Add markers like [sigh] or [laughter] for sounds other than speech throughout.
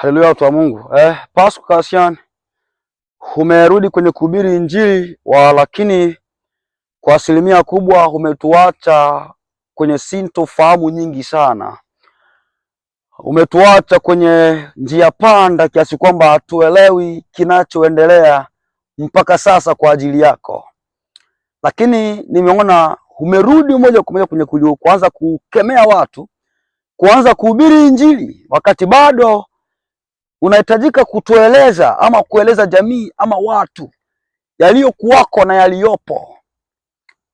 Haleluya, watu wa Mungu. Eh, Pasco Kasian umerudi kwenye kuhubiri Injili wa, lakini kwa asilimia kubwa umetuacha kwenye sintofahamu nyingi sana, umetuacha kwenye njia panda kiasi kwamba hatuelewi kinachoendelea mpaka sasa kwa ajili yako, lakini nimeona umerudi moja kwa moja kwenye kuanza kukemea watu, kuanza kuhubiri Injili wakati bado unahitajika kutueleza ama kueleza jamii ama watu yaliyokuwako na yaliyopo.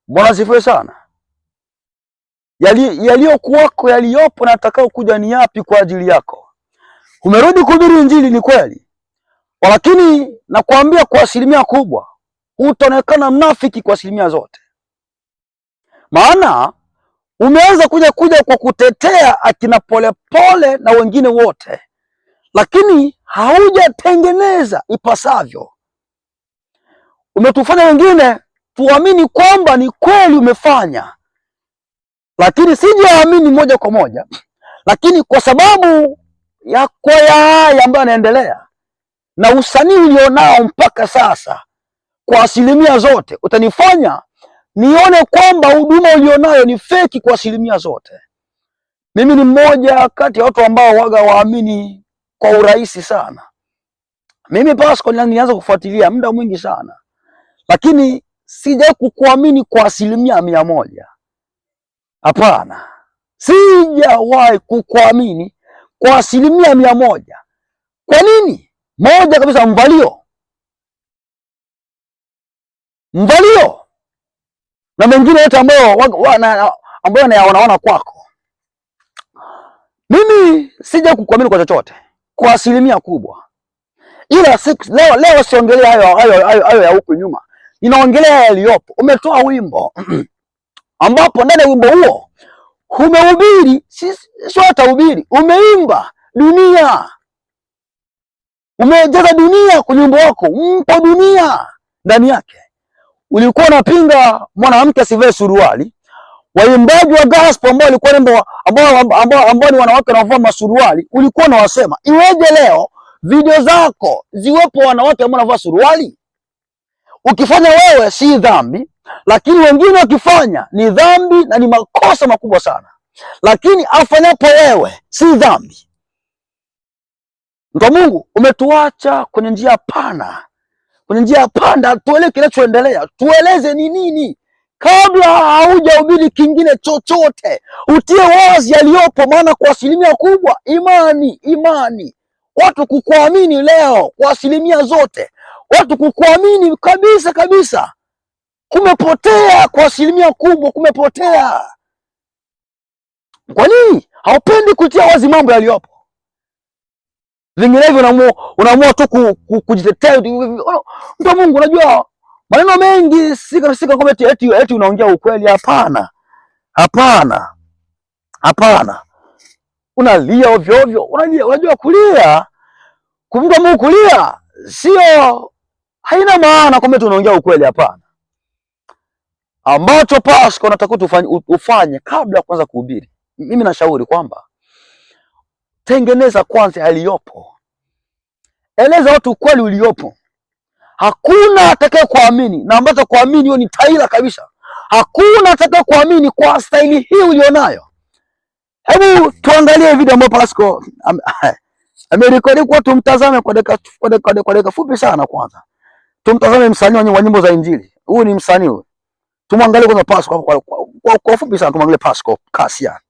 Bwana sifiwe sana. Yaliyokuwako, yaliyopo na atakao kuja ni yapi kwa ajili yako. Umerudi kuhubiri Injili, ni kweli, lakini nakwambia kwa asilimia kubwa utaonekana mnafiki kwa asilimia zote, maana umeanza kuja kuja kwa kutetea akina Polepole na wengine wote lakini haujatengeneza ipasavyo. Umetufanya wengine tuamini kwamba ni kweli umefanya, lakini sijaamini moja kwa moja, lakini kwa sababu ya kwaya haya ambayo yanaendelea na usanii ulionao mpaka sasa, kwa asilimia zote utanifanya nione kwamba huduma ulionayo ni feki kwa asilimia zote. Mimi ni mmoja kati ya watu ambao waga waamini kwa urahisi sana. Mimi Pasco nilianza kufuatilia muda mwingi sana, lakini sija kukuamini kwa asilimia mia moja. Hapana, sijawahi kukuamini kwa asilimia mia moja. Kwa nini? Moja kabisa, mvalio, mvalio na mengine yote ambayo ambayo wanaona kwako, mimi sija kukuamini kwa chochote kwa asilimia kubwa, ila leo, leo siongelea hayo, hayo, hayo, hayo ya huku nyuma, ninaongelea yaliyopo. Umetoa wimbo [clears throat] ambapo ndani ya wimbo huo umehubiri, sio hata ubiri, umeimba dunia, umejaza dunia kwenye wimbo wako, mpo dunia ndani yake. Ulikuwa unapinga mwanamke asivae suruali waimbaji wa gospel ambao walikuwa ambao ambao ambao ni wanawake wanaovaa masuruali, ulikuwa unawasema iweje leo video zako ziwepo wanawake ambao wanavaa suruali? Ukifanya wewe si dhambi, lakini wengine wakifanya ni dhambi na ni makosa makubwa sana, lakini afanyapo wewe si dhambi. Ndio Mungu, umetuacha kwenye njia pana, kwenye njia panda, tuelewe kinachoendelea, tueleze ni nini kabla haujahubiri kingine chochote, utie wazi yaliyopo, maana kwa asilimia kubwa imani imani, watu kukuamini leo kwa asilimia zote, watu kukuamini kabisa kabisa kumepotea kwa asilimia kubwa, kumepotea. Kwa nini haupendi kutia wazi mambo yaliyopo? Vinginevyo unaamua tu kujitetea mtu wa Mungu, unajua maneno mengi sika, kwamba eti eti unaongea ukweli. Hapana, hapana, hapana. Unalia ovyo ovyo, unalia. Unajua kulia kumka mu kulia sio, haina maana kwamba tunaongea ukweli. Hapana, ambacho Pasko natakiwa tufanye ufanye kabla ya kuanza kuhubiri, mimi nashauri kwamba tengeneza kwanza yaliyopo, eleza watu ukweli uliopo Hakuna atakaye kuamini na ambacho kuamini hiyo ni taila kabisa. Hakuna atakaye kuamini kwa staili hii ulionayo. Hebu tuangalie video ambayo Pasco [laughs] amerekodi kwa, tumtazame kwa dakika kwa dakika kwa dakika fupi sana. Kwanza tumtazame msanii wa nyimbo za Injili, huyu ni msanii huyu. Tumwangalie kwanza Pasco kwa, kwa, kwa, kwa fupi sana, tumwangalie Pasco Kasia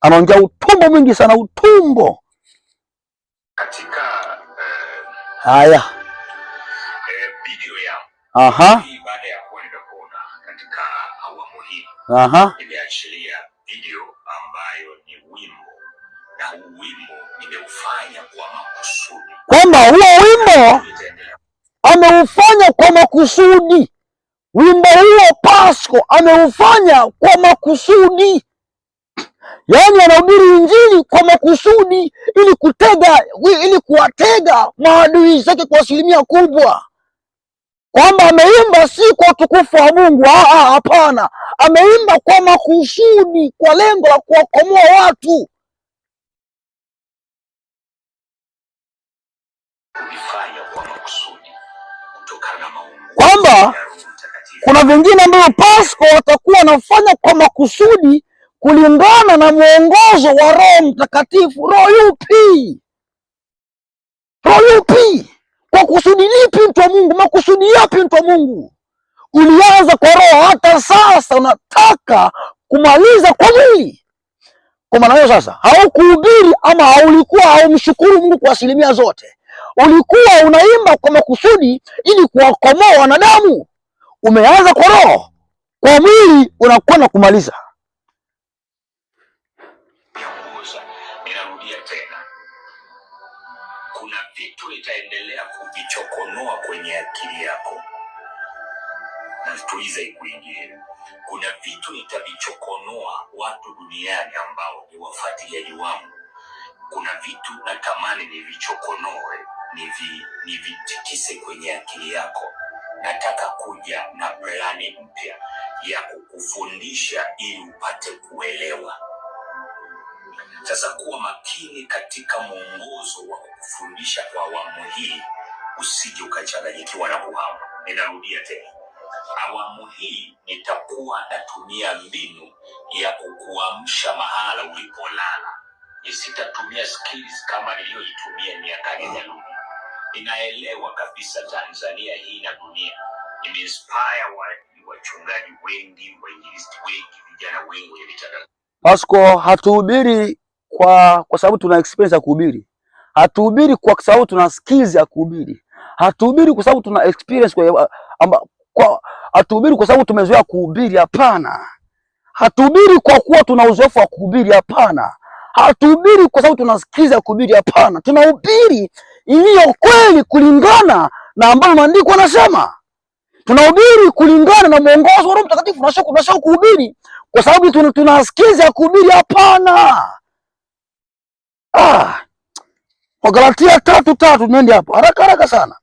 anaongea utumbo mwingi sana utumbo katika eh, haya uh... Aha. Baada ya kwenda kuona katika awamu hii. Aha. Nimeachilia video ambayo ni wimbo na huu wimbo nimeufanya kwa makusudi. Kwamba huo wimbo ameufanya kwa makusudi. Wimbo huo Pasco ameufanya kwa makusudi. Yaani anahubiri Injili kwa makusudi ili kutega ili kuwatega maadui zake kwa asilimia kubwa kwamba ameimba si kwa utukufu wa Mungu. Ah, ah, hapana, ameimba kwa makusudi, kwa lengo la kuwakomoa watu. Kwamba kuna vingine ambavyo Pasco watakuwa wanafanya kwa makusudi kulingana na mwongozo wa Roho Mtakatifu. Roho yupi? Roho yupi? Kwa kusudi lipi mtu wa Mungu? Makusudi yapi mtu wa Mungu? Ulianza kwa roho, hata sasa unataka kumaliza kwa mwili. Kwa maana hiyo sasa, haukuhubiri ama haulikuwa haumshukuru Mungu kwa asilimia zote. Ulikuwa unaimba kwa makusudi ili kuwakomoa wanadamu. Umeanza kwa roho, kwa mwili unakwenda kumaliza. kilichokonoa kwenye akili yako natuliza ikuingie. Kuna vitu nitavichokonoa watu duniani ambao ni wafuatiliaji wangu. Kuna vitu natamani nivichokonoe, nivi nivitikise kwenye akili yako. Nataka kuja na plani mpya ya kukufundisha ili upate kuelewa. Sasa kuwa makini katika mwongozo wa kukufundisha kwa awamu hii usije ukachanganyikiwa na kuhama. Ninarudia tena, awamu hii nitakuwa natumia mbinu ya kukuamsha mahala ulipolala. Sitatumia skills kama niliyoitumia miaka ya nyuma. Ninaelewa kabisa Tanzania hii na dunia imeinspire wa wachungaji wengi, wainjilisti wengi, vijana wengi wenye mitandao. Pasco, hatuhubiri kwa kwa sababu tuna experience ya kuhubiri, hatuhubiri kwa sababu tuna skills ya kuhubiri Hatuhubiri kwa sababu tuna experience kwa, eh, amba, kwa hatuhubiri kwa sababu tumezoea kuhubiri, hapana. Hatuhubiri kwa kuwa tuna uzoefu wa kuhubiri, hapana. Hatuhubiri kwa sababu tunasikiza kuhubiri, hapana. Tunahubiri iliyo kweli kulingana na ambayo maandiko yanasema. Tunahubiri kulingana na mwongozo wa Roho Mtakatifu. Tunashaka kuhubiri kwa sababu tunasikiza kuhubiri, hapana. Ah, Wagalatia tatu tatu, tumeenda hapo haraka haraka sana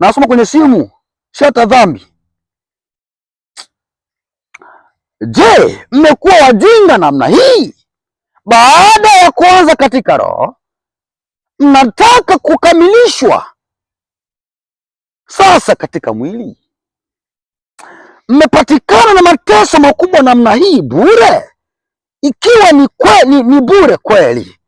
nasoma kwenye simu, shata dhambi. Je, mmekuwa wajinga namna hii? Baada ya kuanza katika roho, mnataka kukamilishwa sasa katika mwili. Mmepatikana na mateso makubwa namna hii bure, ikiwa ni, kweli, ni, bure kweli.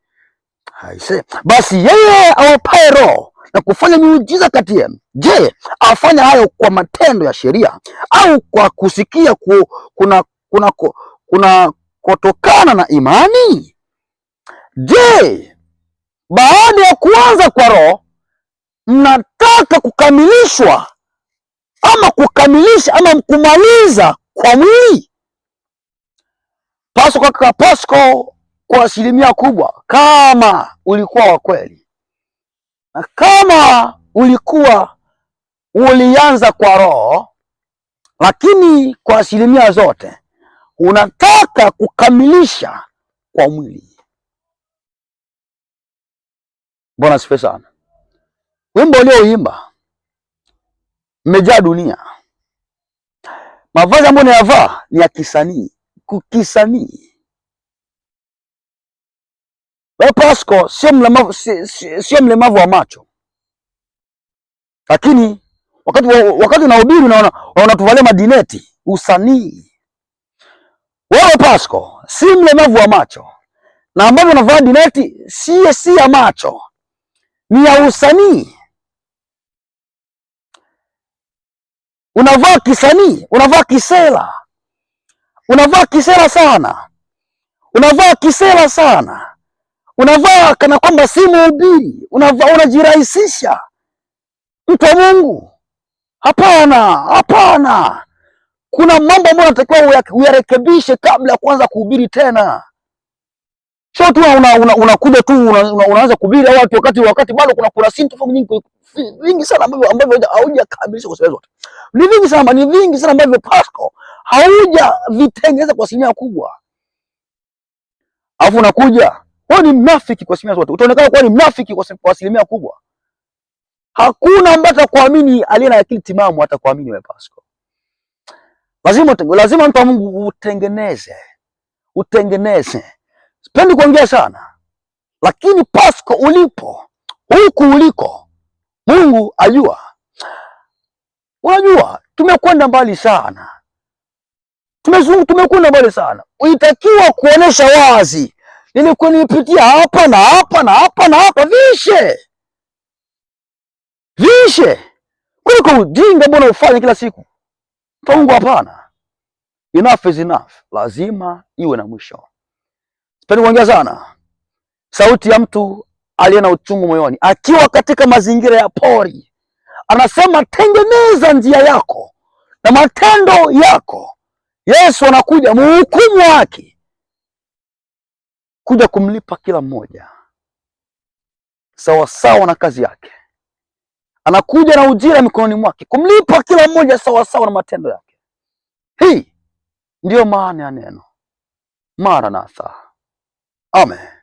Aise, basi yeye awapae roho na kufanya miujiza kati yenu. Je, afanya hayo kwa matendo ya sheria au kwa kusikia ku, kuna kuna kuna kutokana na imani? Je, baada ya kuanza kwa Roho mnataka kukamilishwa ama kukamilisha ama kumaliza kwa mwili? Pasco kaka Pasco, kwa asilimia kubwa, kama ulikuwa wa kweli na kama ulikuwa ulianza kwa roho, lakini kwa asilimia zote unataka kukamilisha kwa mwili. Bwana sifa sana. Wimbo ulioimba mmejaa dunia, mavazi ambayo nayavaa ni ya kisanii, kukisanii wewe Pasco sio mlemavu, sio mlemavu wa macho, lakini wakati wakati unahubiri unaona unatuvalia madineti usanii. Wewe Pasco si mlemavu wa macho, na ambavyo unavaa dineti si si ya macho, ni ya usanii. Unavaa kisanii, unavaa kisela, unavaa kisela sana, unavaa kisela sana unavaa kana kwamba si mhubiri, unavaa unajirahisisha mtu wa Mungu. Hapana, hapana, kuna mambo ambayo unatakiwa uyarekebishe kabla ya kuanza kuhubiri tena. Sio tu unakuja una, una tu una, una, unaanza kuhubiri au watu wakati wakati bado kuna kuna tofauti nyingi vingi sana ambavyo ambavyo haujakamilisha kwa sababu zote ni vingi sana, ni vingi sana ambavyo Pasco haujavitengeneza kwa asilimia kubwa, alafu unakuja wewe ni mnafiki kwa asilimia zote. Utaonekana kuwa ni mnafiki kwa asilimia kubwa. Hakuna ambaye atakuamini aliye na akili timamu atakuamini wewe Pasco. Lazima lazima mtu wa Mungu utengeneze. Utengeneze. Sipendi kuongea sana. Lakini Pasco ulipo, huku uliko, Mungu ajua. Unajua tumekwenda mbali sana. Tumezungu tumekwenda mbali sana. Unatakiwa kuonesha wazi nilikuwa nipitia hapa na hapa na hapa na hapa, vishe vishe kuliko ujinga mbona ufanye kila siku Mungu. Hapana, enough is enough, lazima iwe na mwisho. Sipendi kuongea sana. Sauti ya mtu aliye na uchungu moyoni akiwa katika mazingira ya pori anasema, tengeneza njia yako na matendo yako. Yesu anakuja, mhukumu wake kuja kumlipa kila mmoja sawasawa na kazi yake. Anakuja na ujira mikononi mwake kumlipa kila mmoja sawasawa na matendo yake. Hii ndiyo maana ya neno maranatha. Amen.